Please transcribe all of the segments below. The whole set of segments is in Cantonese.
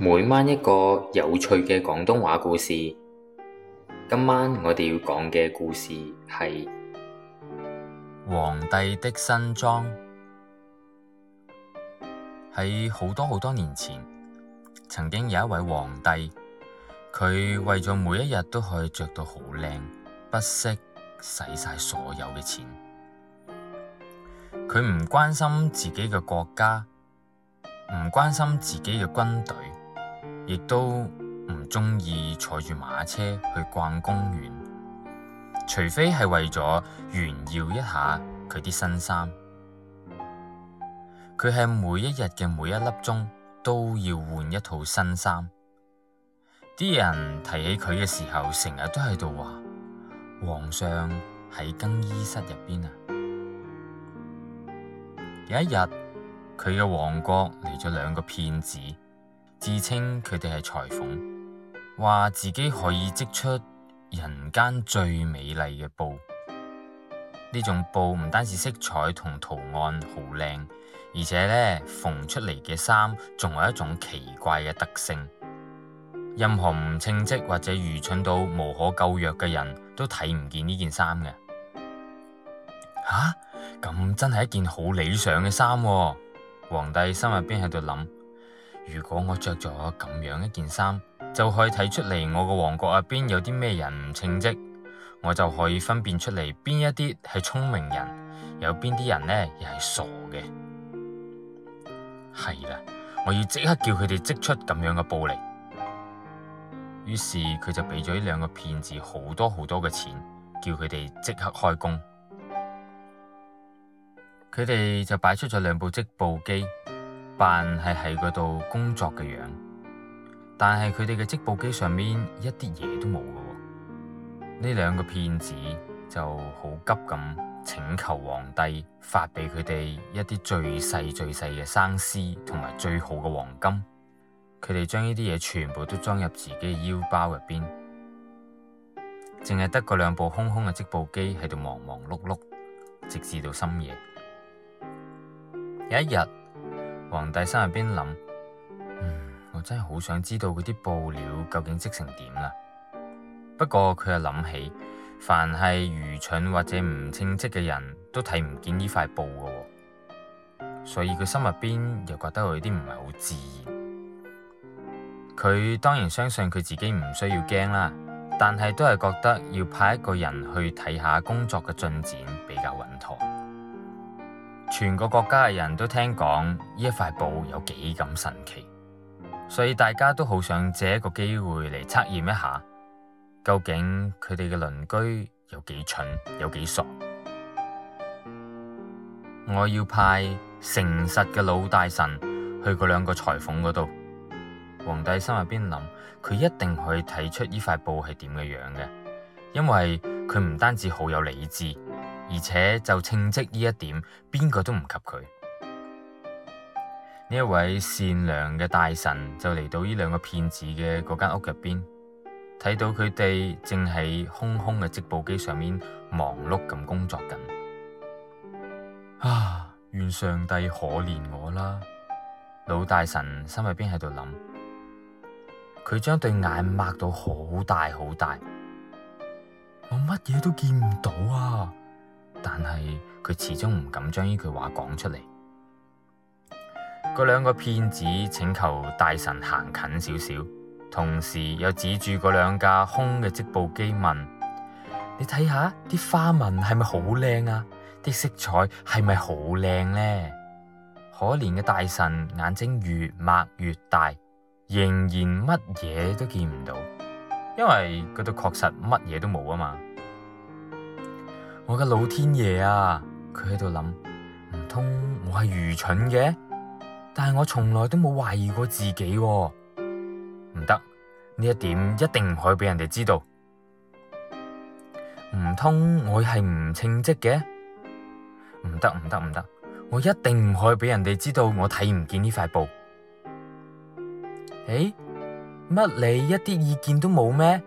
每晚一個有趣嘅廣東話故事。今晚我哋要講嘅故事係皇帝的新裝。喺好多好多年前，曾經有一位皇帝，佢為咗每一日都可以着到好靚，不惜使晒所有嘅錢。佢唔關心自己嘅國家，唔關心自己嘅軍隊。亦都唔鍾意坐住馬車去逛公園，除非係為咗炫耀一下佢啲新衫。佢喺每一日嘅每一粒鐘都要換一套新衫。啲人提起佢嘅時候，成日都喺度話：皇上喺更衣室入邊啊！有一日，佢嘅王國嚟咗兩個騙子。自稱佢哋係裁縫，話自己可以織出人間最美麗嘅布。呢種布唔單是色彩同圖案好靚，而且呢縫出嚟嘅衫仲有一種奇怪嘅特性。任何唔稱職或者愚蠢到無可救藥嘅人都睇唔見呢件衫嘅。吓、啊、咁真係一件好理想嘅衫、啊。皇帝心入邊喺度諗。如果我着咗咁樣一件衫，就可以睇出嚟我個王國入、啊、邊有啲咩人唔稱職，我就可以分辨出嚟邊一啲係聰明人，有邊啲人呢又係傻嘅。係啦，我要即刻叫佢哋織出咁樣嘅布嚟。於是佢就俾咗呢兩個騙子好多好多嘅錢，叫佢哋即刻開工。佢哋就擺出咗兩部織布機。扮係喺嗰度工作嘅樣，但係佢哋嘅織布機上面一啲嘢都冇嘅喎。呢兩個騙子就好急咁請求皇帝發畀佢哋一啲最細最細嘅生絲同埋最好嘅黃金，佢哋將呢啲嘢全部都裝入自己腰包入邊，淨係得嗰兩部空空嘅織布機喺度忙忙碌碌，直至到深夜。有一日，皇帝心入邊諗，嗯，我真係好想知道嗰啲布料究竟織成點啦。不過佢又諗起，凡係愚蠢或者唔稱職嘅人都睇唔見呢塊布㗎，所以佢心入邊又覺得有啲唔係好自然。佢當然相信佢自己唔需要驚啦，但係都係覺得要派一個人去睇下工作嘅進展比較穩妥。全個國家嘅人都聽講呢一塊布有幾咁神奇，所以大家都好想借一個機會嚟測驗一下，究竟佢哋嘅鄰居有幾蠢，有幾傻。我要派誠實嘅老大臣去嗰兩個裁縫嗰度。皇帝心入邊諗，佢一定可以睇出呢塊布係點嘅樣嘅，因為佢唔單止好有理智，而且就稱職呢一點，邊個都唔及佢。呢一位善良嘅大臣就嚟到呢兩個騙子嘅嗰間屋入邊，睇到佢哋正喺空空嘅織布機上面忙碌咁工作緊。啊！願上帝可憐我啦，老大臣心入邊喺度諗，佢將對眼擘到好大好大，我乜嘢都見唔到啊！但係佢始終唔敢將呢句話講出嚟。嗰兩個騙子請求大臣行近少少，同時又指住嗰兩架空嘅織布機問： 你睇下啲花紋係咪好靚啊？啲色彩係咪好靚呢？ 可憐嘅大臣眼睛越擘越大，仍然乜嘢都見唔到，因為嗰度確實乜嘢都冇啊嘛。我嘅老天爺啊！佢喺度諗，唔通我係愚蠢嘅？但係我從來都冇懷疑過自己啊。唔得，呢一點一定唔可以俾人哋知道。唔通我係唔稱職嘅？唔得唔得唔得！我一定唔可以俾人哋知道我睇唔見呢塊布。誒，乜你一啲意見都冇咩？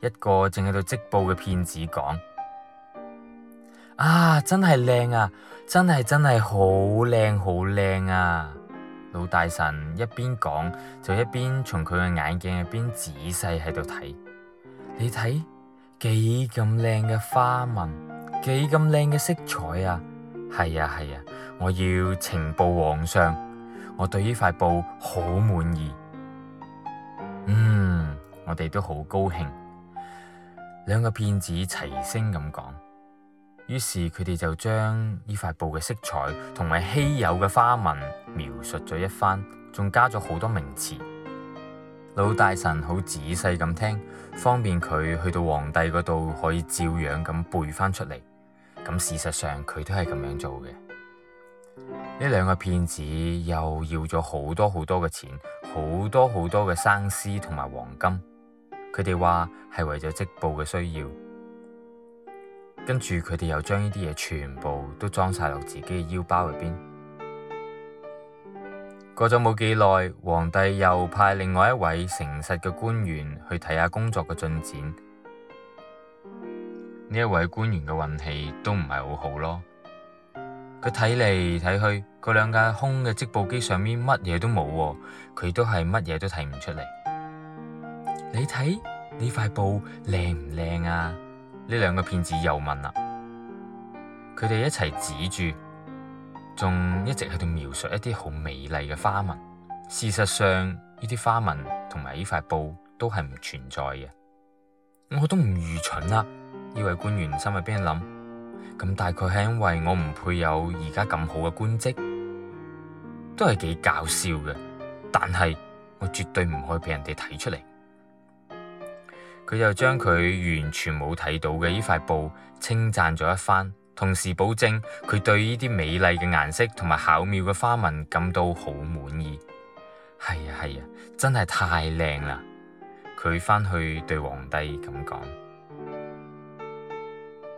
一個正喺度織布嘅騙子講。啊！真係靚啊！真係真係好靚好靚啊！老大臣一邊講就一邊從佢嘅眼鏡入邊仔細喺度睇。你睇幾咁靚嘅花紋，幾咁靚嘅色彩啊！係啊係啊！我要呈報皇上，我對呢塊布好滿意。嗯，我哋都好高興，兩個騙子齊聲咁講。於是佢哋就將呢塊布嘅色彩同埋稀有嘅花紋描述咗一番，仲加咗好多名詞。老大臣好仔細咁聽，方便佢去到皇帝嗰度可以照樣咁背翻出嚟。咁事實上佢都係咁樣做嘅。呢兩個騙子又要咗好多好多嘅錢，好多好多嘅生絲同埋黃金。佢哋話係為咗織布嘅需要。跟住佢哋又將呢啲嘢全部都裝晒落自己嘅腰包入邊。過咗冇幾耐，皇帝又派另外一位誠實嘅官員去睇下工作嘅進展。呢一位官員嘅運氣都唔係好好咯。佢睇嚟睇去，嗰兩架空嘅織布機上面乜嘢都冇，佢都係乜嘢都睇唔出嚟。你睇呢塊布靚唔靚啊？呢兩個騙子又問啦，佢哋一齊指住，仲一直喺度描述一啲好美麗嘅花紋。事實上，呢啲花紋同埋呢塊布都係唔存在嘅。我都唔愚蠢啦，呢位官員心入邊諗，咁大概係因為我唔配有而家咁好嘅官職，都係幾搞笑嘅。但係我絕對唔可以俾人哋睇出嚟。佢又將佢完全冇睇到嘅呢塊布稱讚咗一番，同時保證佢對呢啲美麗嘅顏色同埋巧妙嘅花紋感到好滿意。係啊係啊，真係太靚啦！佢返去對皇帝咁講，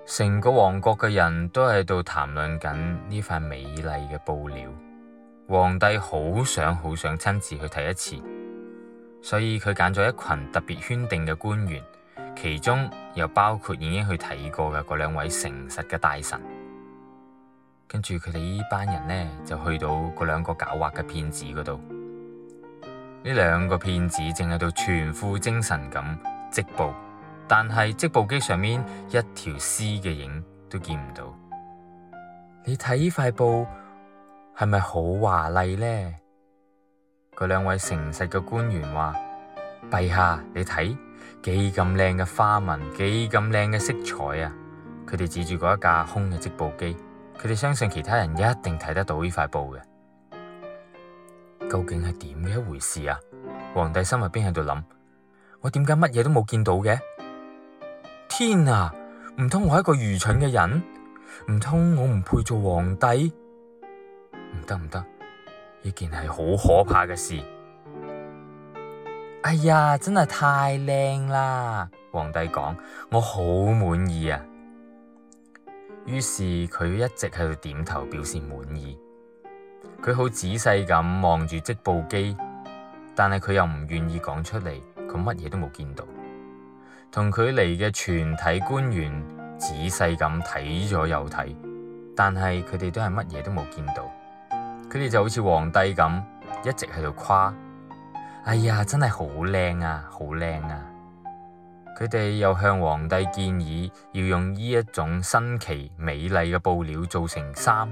成個王國嘅人都喺度談論緊呢塊美麗嘅布料。皇帝好想好想親自去睇一次。所以佢揀咗一群特別圈定嘅官員，其中又包括已經去睇過嘅嗰兩位誠實嘅大臣，跟住佢哋呢班人呢，就去到嗰兩個狡猾嘅騙子嗰度。呢兩個騙子正喺度全副精神咁織布，但係織布機上面一條絲嘅影都見唔到。你睇呢塊布係咪好華麗呢？佢兩位誠實嘅官員話：陛下，你睇幾咁靚嘅花紋，幾咁靚嘅色彩啊！佢哋指住嗰一架空嘅織布機，佢哋相信其他人一定睇得到呢塊布嘅。究竟係點嘅一回事啊？皇帝心入邊喺度諗：我點解乜嘢都冇見到嘅？天啊！唔通我係一個愚蠢嘅人？唔通我唔配做皇帝？唔得唔得！呢件係好可怕嘅事。哎呀，真係太靚啦！皇帝講：我好滿意啊。於是佢一直喺度點頭表示滿意。佢好仔細咁望住織布機，但係佢又唔願意講出嚟。佢乜嘢都冇見到。同佢嚟嘅全體官員仔細咁睇咗又睇，但係佢哋都係乜嘢都冇見到。佢哋就好似皇帝咁，一直喺度誇：哎呀，真係好靚啊，好靚啊！佢哋又向皇帝建議要用呢一種新奇美麗嘅布料做成衫，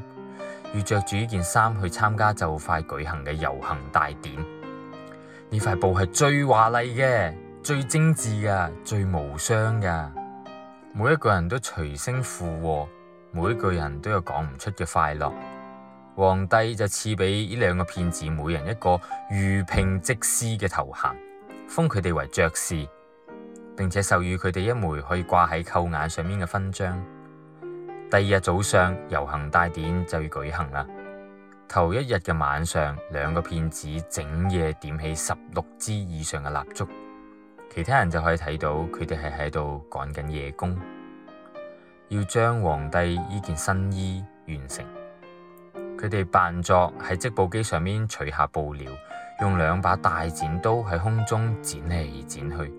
要著住呢件衫去參加就快舉行嘅遊行大典。呢塊布係最華麗嘅、最精致嘅、最無雙嘅。每一個人都隨聲附和，每一個人都有講唔出嘅快樂。皇帝就賜俾呢兩個騙子每人一個御聘織師嘅頭銜，封佢哋為爵士，並且授予佢哋一枚可以掛喺扣眼上面嘅勳章。第二日早上遊行大典就要舉行啦。頭一日嘅晚上，兩個騙子整夜點起十六支以上嘅蠟燭，其他人就可以睇到佢哋係喺度趕緊夜工，要將皇帝呢件新衣完成。佢哋扮作喺織布機上面取下布料，用兩把大剪刀喺空中剪嚟剪去，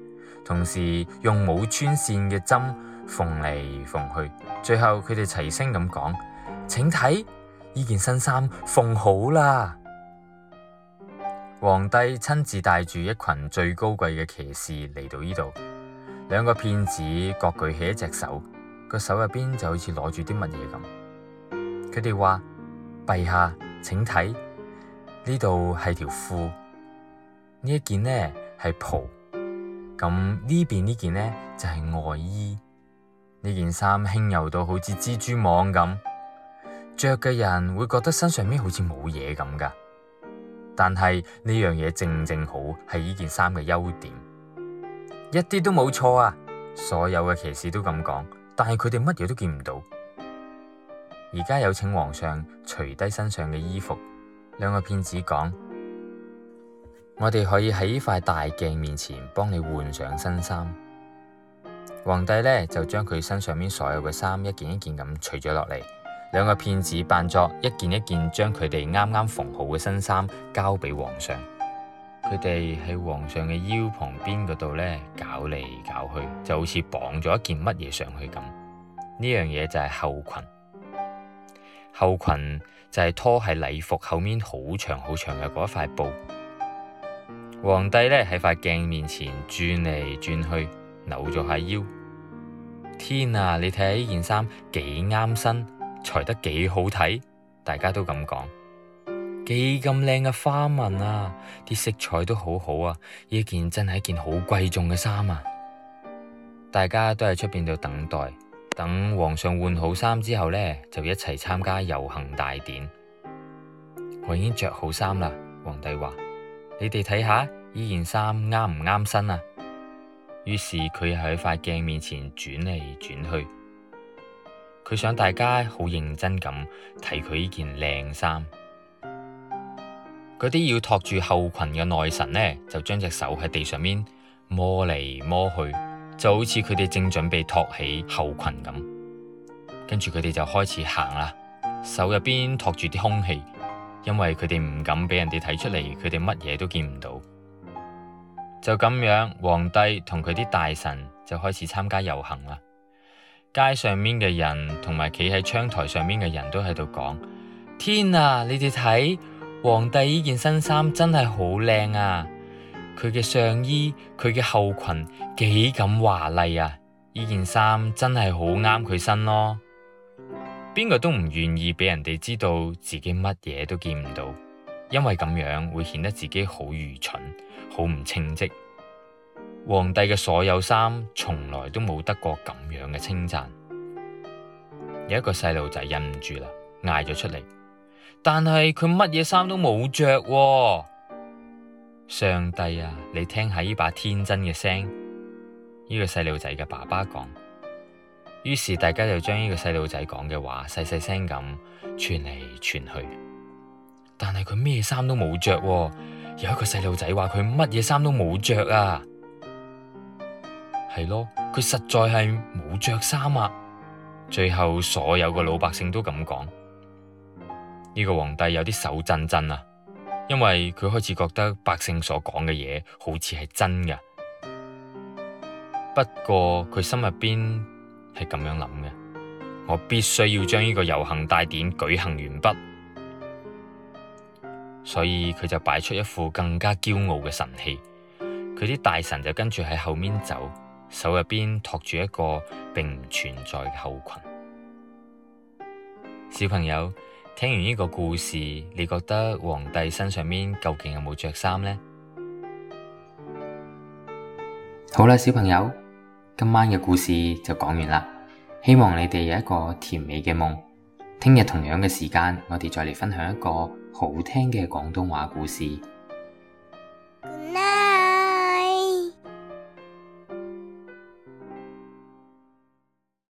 同時用冇穿線嘅針縫嚟縫去。最後佢哋齊聲咁講：請睇，呢件新衫縫好啦！皇帝親自帶住一群最高貴嘅騎士嚟到呢度，兩個騙子各舉起一隻手，個手入邊就好似攞住啲乜嘢咁。佢哋話。陛下，請睇，呢度係條褲，呢一件呢係袍，咁呢邊呢件呢就係外衣。呢件衫輕柔到好似蜘蛛網咁，着嘅人會覺得身上面好似冇嘢咁噶。但係呢樣嘢正正好係呢件衫嘅優點，一啲都冇錯啊！所有嘅騎士都咁講，但係佢哋乜嘢都見唔到。而家有請皇上除低身上嘅衣服。兩個騙子講：我哋可以喺呢塊大鏡面前幫你換上新衫。皇帝呢，就將佢身上面所有嘅衫一件一件咁除咗落嚟。兩個騙子扮作一件一件將佢哋啱啱縫好嘅新衫交俾皇上。佢哋喺皇上嘅腰旁邊嗰度呢搞嚟搞去，就好似綁咗一件乜嘢上去咁。呢樣嘢就係後裙。後裙就係拖喺禮服後面好長好長嘅嗰一塊布。皇帝呢，喺塊鏡面前轉嚟轉去，扭咗下腰。天啊，你睇下呢件衫幾啱身，裁得幾好睇，大家都咁講。幾咁靚嘅花紋啊，啲色彩都好好啊，呢件真係一件好貴重嘅衫啊。大家都喺出邊度等待。等皇上換好衫之後呢，就一齊參加遊行大典。我已經着好衫啦，皇帝話：你哋睇下呢件衫啱唔啱身啊？於是佢喺塊鏡面前轉嚟轉去，佢想大家好認真咁睇佢呢件靚衫。嗰啲要托住後裙嘅內臣呢，就將隻手喺地上面摸嚟摸去。就好似佢哋正準備托起後裙咁，跟住佢哋就開始行啦，手入邊托住啲空氣，因為佢哋唔敢俾人哋睇出嚟，佢哋乜嘢都見唔到。就咁樣，皇帝同佢啲大臣就開始參加遊行啦。街上面嘅人同埋企喺窗台上面嘅人都喺度講：天啊，你哋睇，皇帝呢件新衫真係好靚啊！佢嘅上衣，佢嘅後裙幾咁華麗啊！呢件衫真係好啱佢身咯。邊個都唔願意俾人哋知道自己乜嘢都見唔到，因為咁樣會顯得自己好愚蠢，好唔稱職。皇帝嘅所有衫從來都冇得過咁樣嘅稱讚。有一個細路仔忍唔住啦，嗌咗出嚟，但係佢乜嘢衫都冇着喎啊。上帝啊，你聽下呢把天真嘅聲，呢個細路仔嘅爸爸講。於是大家就將呢個細路仔講嘅話細細聲咁傳嚟傳去。但係佢咩衫都冇着啊，有一個細路仔話佢乜嘢衫都冇着啊，係咯，佢實在係冇着衫啊。最後所有個老百姓都咁講，呢個皇帝有啲手震震啊。因為佢開始覺得百姓所講嘅嘢，好似係真嘅，不過佢心入邊係咁樣諗嘅，我必須要將呢個遊行大典舉行完畢，所以佢就擺出一副更加驕傲嘅神氣，佢啲大臣就跟住喺後面走，手入邊托住一個並唔存在嘅後裙，小朋友。聽完呢個故事，你覺得皇帝身上面究竟有冇着衫呢？好啦，小朋友，今晚嘅故事就講完啦，希望你哋有一個甜美嘅夢。聽日同樣嘅時間，我哋再嚟分享一個好聽嘅廣東話故事。